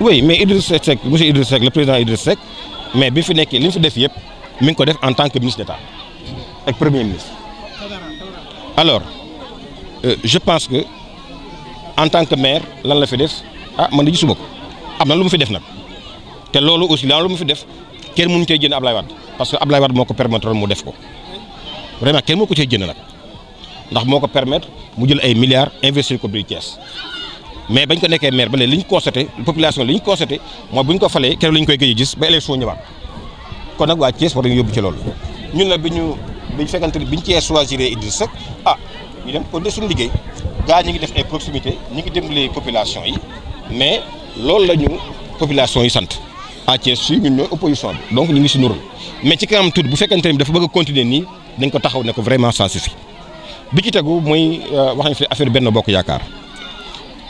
woy mais Idrissa Seck monsieur Idrissa Seck le président Idrissa Seck mais bi fi nekkee li mu fi def yëpp mi ngi ko def en tant que ministre d'État ak premier ministre alors euh, je pense que en tant que maire lan la fi def ah man de gisuma ko am na lu mu fi def nag te loolu aussi lan lu mu fi def kenn mënu cee jënd Ablaye Wade parce que Ablaye Wade moo ko permettre mu def ko vraiment kenn moo ko cee jënd nag ndax moo ko permettre mu jël ay milliards investir ko biir Thiès mais bañ ko nekkee maire ba léegi li ñu constaté population li ñu constaté mooy bu ko falee keroog la ñu koy gëj gis ba élection ñëwaat kon nag waa Thiès war nañu yóbbu ci loolu ñun nag bi ñu bi ñu fekkante bi ñu cee choisir Idrissa Seck ah ñu dem kon de suñu liggéey gaa ñi ngi def ay proximité ñi ngi dimbali population yi mais loolu la ñu population yi sant à Thiès si ñun ñooy opposition bi donc ñu ngi si nurul mais ci kanam tuuti bu fekkante ni dafa bëgg a continuer nii dañ ko taxaw ne ko vraiment ça suffit bi ci tegu mooy euh, wax nañ fi affaire benn bokk yaakaar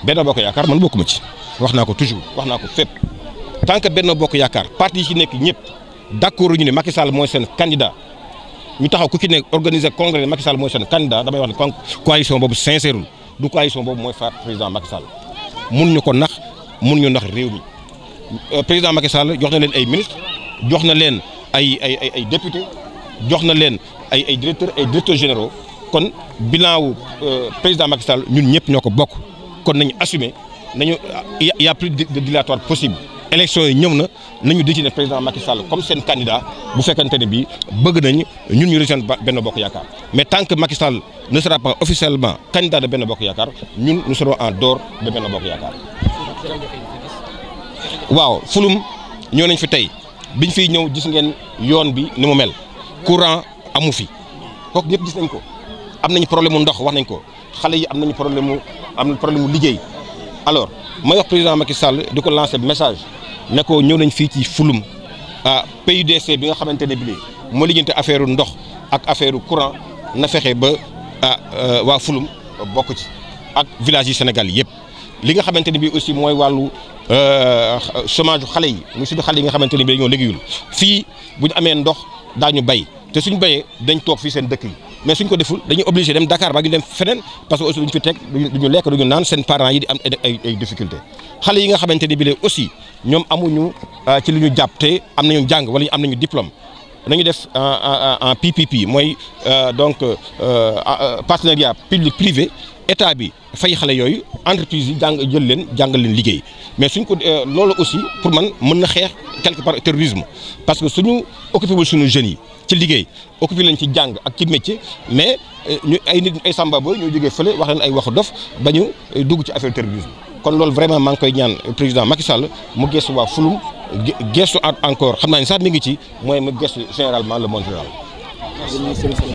Benno Bokk Yaakaar bokk ma ci wax naa ko toujours wax naa ko fépp tant que Benno Bokk Yaakaar parti yi ci nekk ñëpp d'accord ñu ne Macky Sall mooy sen kandida ñu taxaw ku ci nekk organiser congrès Macky Sall mooy seen candidat damay wax ne coalition boobu sincèrul du coalition boobu mooy faat président Macky Sall mun ñu ko nax mun ñu nax réew mi euh, président Macky Sall jox na leen ay ministre jox na leen ay ay ay ay député jox na leen ay ay directeurs ay directeurs généraux kon bilan wu euh, président Macky ñun ñëpp ñoo ko bokk. kon nañu assumé nañu y' a plus de dilatoire possible. élection yi ñëw na nañu di ci président Macky Sall comme seen candidat bu fekkante ne bii bëgg nañ ñun ñu rejoindre benn Bokk Yaakaar mais tant que Macky Sall ne sera pas officiellement candidat de Benno Bokk Yaakaar ñun nous serons en dehors de Benno Bokk Yaakaar. waaw fulum ñoo nañ fi tey biñ fi ñëw gis ngeen yoon bi ni mu mel courant amu fi kooku ñëpp gis nañ ko am nañu problème mu ndox wax nañ ko xale yi am nañ problème mu am na problème mu liggéey alors may wax président Macky Sall di ko lancer message ne ko ñëw nañ fii ci fulum ah PUDC bi nga xamante ne bii moo lijjante affaire ndox ak affaire courant na fexe ba ah fulum bokk ak village yu Sénégal yëpp. li nga xamante ne bii aussi mooy wàllu euh, chômage xale yi muy suñu xale yi nga xamante ne bii dañoo liggéeyul fii bu ñu amee ndox daañu bay te suñ bayee dañ toog fii seen dëkk yi. mais suñ ko deful dañuy obligé dem Dakar ba ñu dem feneen parce que aussi duñ fi teg duñu lekk duñu naan seen parents yi di am ay ay difficulté xale yi nga xamante ni bi aussi ñoom amuñu euh, ci lu ñu jàpp te am nañu jàng wala am nañu diplôme nañu def en PPP mooy euh, donc euh, partenariat public privé état bi fay xale yooyu entreprise yi jàng jël leen jàngal leen liggéey mais suñ ko loolu aussi pour man mën na xeex quelque part terrorisme parce que suñu occupé wul suñu jeunes yi ci liggéey occupé lañ ci jàng ak ci métier mais euh, ñu ay nit ay samba booy ñoo jógee fële wax leen ay waxu dof ba ñu euh, dugg ci affaire terrorisme kon loolu vraiment maa ngi koy ñaan euh, président Macky Sall mu gestu waa fulum gestu encore xam naa ne sax mi ngi ci mooy mu gestu généralement le monde rural